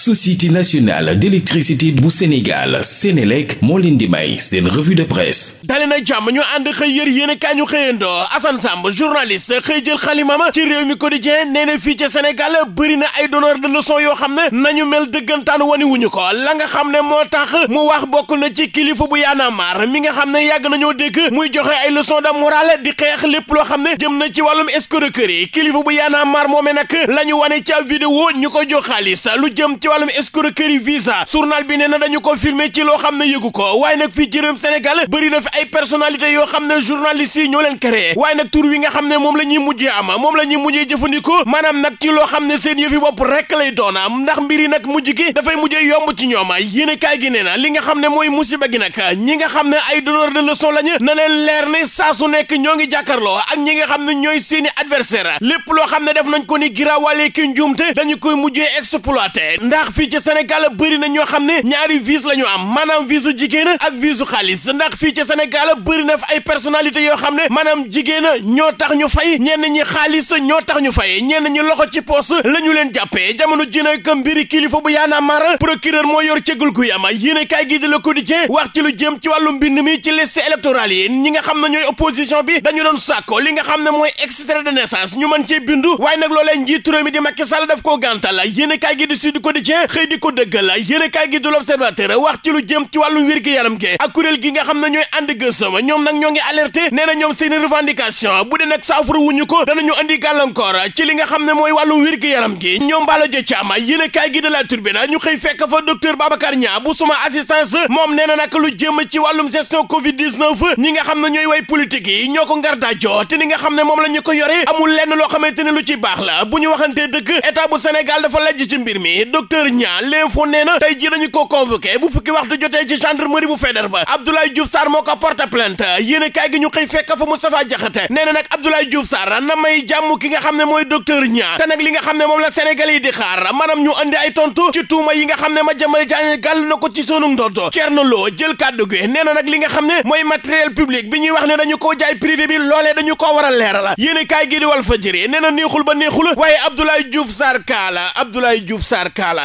société nationale d'électricité bu Sénégal Sénélec moo leen di may seen revue de presse dali na jàmm ñu ànd xëy yër yéen kaa ñu xëyandoo Assane Samb journaliste xëy jël xalimama ci réew mi quotidien nee na fii ci Sénégal bëri na ay donneur de leçon yoo xam ne nañu mel dëggantaan wani wuñu ko la nga xam ne moo tax mu wax bokk na ci kilifa bu yaanamar mi nga xam ne yàgg nañoo dégg muy joxe ay leçon de morale di xeex lépp loo xam ne jëm na ci wàllum escroquerie kilifa bu yaanamar moomee nag la ñu wane ca vidéo ñu ko jox xaalis lu jëm wàllum escroquerie visa journal bi nee na dañu ko filmer ci loo xam ne yëgu ko waaye nag fii ci réewum Sénégal na fi ay personnalité yoo xam ne journalistes yi ñoo leen créé waaye nag tur wi nga xam ne moom la ñuy mujjee am moom la ñuy mujjee jëfandikoo maanaam nag ci loo xam ne seen yëfi bopp rek lay doona ndax mbiri nag mujj gi dafay mujjee yomb ci ñoom yéen kaay gi nee li nga xam ne mooy musiba gi nag ñi nga xam ne ay donneur de leçon lañu na leer ne saa su nekk ñoo ngi jàkkaarloo ak ñi nga xam ne ñooy seeni adversaire lépp loo xam ne def nañ ko ni giraawalee ki njuumte dañu koy mujjee exploité ndax fii ci Sénégal bëri na ñoo xam ne ñaari vice la ñu am maanaam visu jigéen ak visu xaalis ndax fii ci Sénégal bëri na fi ay personnalité yoo xam ne maanaam jigéen ñoo tax ñu fay ñenn ñi xaalis ñoo tax ñu fay ñenn ñi loxo ci poos la ñu leen jàppee jamono ji nag mbiri kilifa bu yaana mara procureur moo yor cëggul gu yama yéene kaay gi di la quotidien wax ci lu jëm ci wàllu mbind mi ci liste électorale yi ñi nga xam ne ñooy opposition bi dañu doon sàkko li nga xam ne mooy extrait de naissance ñu mën cee bindu waaye nag loolee njiitu réew mi di Macky Sall daf koo gàntal yéene quotidien xëy di ko dëggal yéenekaay gi du l'observateur wax ci lu jëm ci wàllu wér gi yaram gi ak kuréel gi nga xam ne ñooy ànd gësëm ñoom nag ñoo ngi alerté nee na ñoom seeni revendication bu dee nag wu ñu ko dana danañu indi gàllankoor ci li nga xam ne mooy wàllu wér gi yaram gi ñoom bala jo caama yéenekaay gi de la na ñu xëy fekk fa docteur Babacar Niang bu suma assistance moom nee na nag lu jëm ci wàllum gestion covid 19 ñi nga xam ne ñooy way politique yi ñoo ko ngar daajoo te xam ne moom la ñu ko yore amul loo xamante ne lu ci baax la bu ñu waxantee dëgg état bu Sénégal dafa ci mbir mi docteur Niang l'info nee ji dañu ko convoqué bu fukki waxtu jotee ci gendarmerie bu Faidherbe Abdoulaye Diouf Sarr moo ko porté plainte yéen a kaay gi ñu xëy fekk fa Moustapha Diakhaté nee na nag Abdoulaye Diouf Sarr na ñu andi ay tontu ci tuuma yi nga xam ne ma jëmale jaañe gàll ko ci sunu ndonto Thierno Lo jël kàddu gi nee nag li nga xam ne mooy matériel public bi ñuy wax ne dañu koo jaay privé bi loolee dañu koo war a leera la a kaay gi di Walf Fadjri nee ba neexul waaye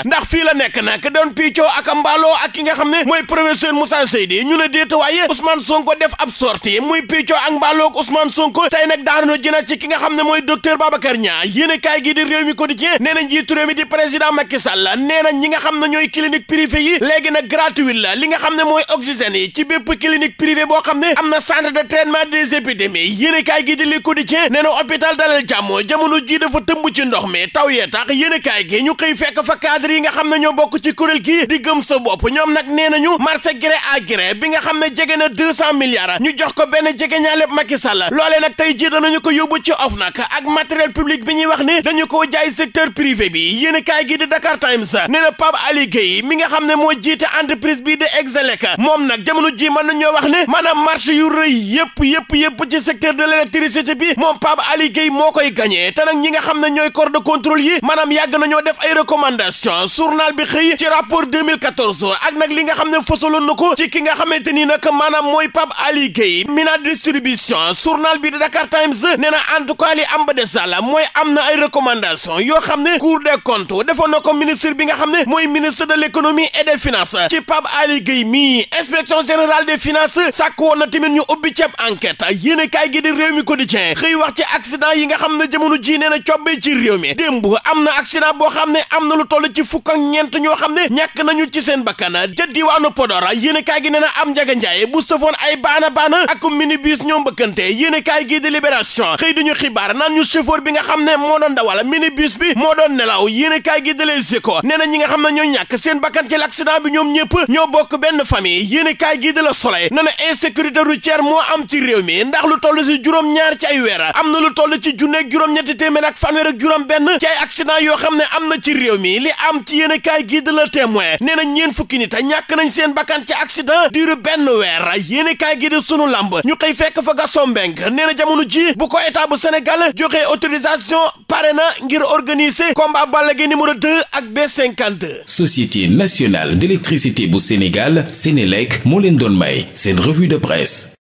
ndax fii la nekk na doon piccoo ak mbaaloo ak ki nga xam ne mooy professeur Moussa Seydi ñu ne déet waaye Ousmane Sonko def ab sortie muy piccoo ak mbaaloo ak Ousmane Sonko tey nag daanu jina ci ki nga xam ne mooy docteur Babacar Niang yéene kaay gi di réew mi quotidien nee na njiitu réew mi di président Macky Sall nee ñi nga xam ne ñooy clinique privée yi léegi nag gratuit la li nga xam ne mooy oxygène yi ci bépp clinique privée boo xam ne am na centre de traitement des épidémies gi di li quotidien nee na hôpital Dalal Jàmm jamono ji dafa tëmb ci ndox mi taw yee tax yéene kaay gi ñu xëy fekk fa cadre yi nga xam ne ñoo bokk ci kuréel gi di gëm sa bopp ñoom nag nee nañu marché gré à gré bi nga xam ne jege na deux cent milliards ñu jox ko benn jege ñaale Macky Sall loole nag tey jii danañu ko yóbbu ci OFNAC ak matériel public bi ñuy wax ne dañu ko jaay secteur privé bi yéen gi di Dakar Times nee na Pape Ali Gueye mi nga xam ne moo jiite entreprise bii di Exelec moom nag jamono jii mën nañoo wax ne maanaam marché yu rëy yëpp yëpp yëpp ci secteur de l'électricité bi moom Pape Ali moo koy gagné te nag ñi nga xam ne ñooy corps de contrôle maanaam yàgg nañoo def ay recommandations journal bi xëy ci rapport 2014 ak nag li nga xam ne fësaloon na ci ki nga xamante ni nag maanaam mooy Pape Ali Guèye Mina distribution journal bi de Dakar Times nee na en tout cas li am ba desalla mooy am na ay recommandation yoo xam ne Cour des comptes defoon na ko ministre bi nga xam ne mooy ministre de l'économie et des finances ci Pape Ali Guèye mii inspection générale des finances sàkk woon na tamit ñu ubbi ceeb enquête yéen a kaay gi di réew yi nga xam ne jamono ji na cobbee ci réew mi démb am na accident xam ne am na lu toll ci fukk ak ñeent ñoo xam ne ñàkk ñu ci seen bakkan ca diwaanu Podor kaa gi nee na am njaga njaay bu sëfoon ay baana baana ak minibus ñoo mbëkkante yéenekaay gi de Libération xëy ñu xibaar naan ñu chauffeur bi nga xam ne moo doon dawal minibus bi moo doon nelaw yéenekaay gi de Les Échos nee na ñi nga xam na ñoo ñàkk seen bakkan ci l'accident bi ñoom ñëpp ñoo bokk benn fami yéenekaay gi de la Soleil nee na insécurité routière moo am ci réew mi ndax lu toll si juróom-ñaar ci ay weer am na lu toll ci junneeg juróom téeméer ak fanweer juróom benn ci ay accident yoo xam ne am na ci réew mi li am am ci yéen a kaay gii de la témoin nee na ñeen fukki nit ñàkk nañ seen bakkan ci accident diiru benn weer yéen a kaay gii sunu lamb ñu xëy fekk fa Gaston Mbengue nee na jamono ji bu ko état bu Sénégal joxe autorisation pare na ngir organiser combat Balla Gaye numéro 2 ak B52. Société nationale d'électricité bu Sénégal Sénélec moo leen doon may seen revue de presse.